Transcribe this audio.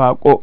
baƙo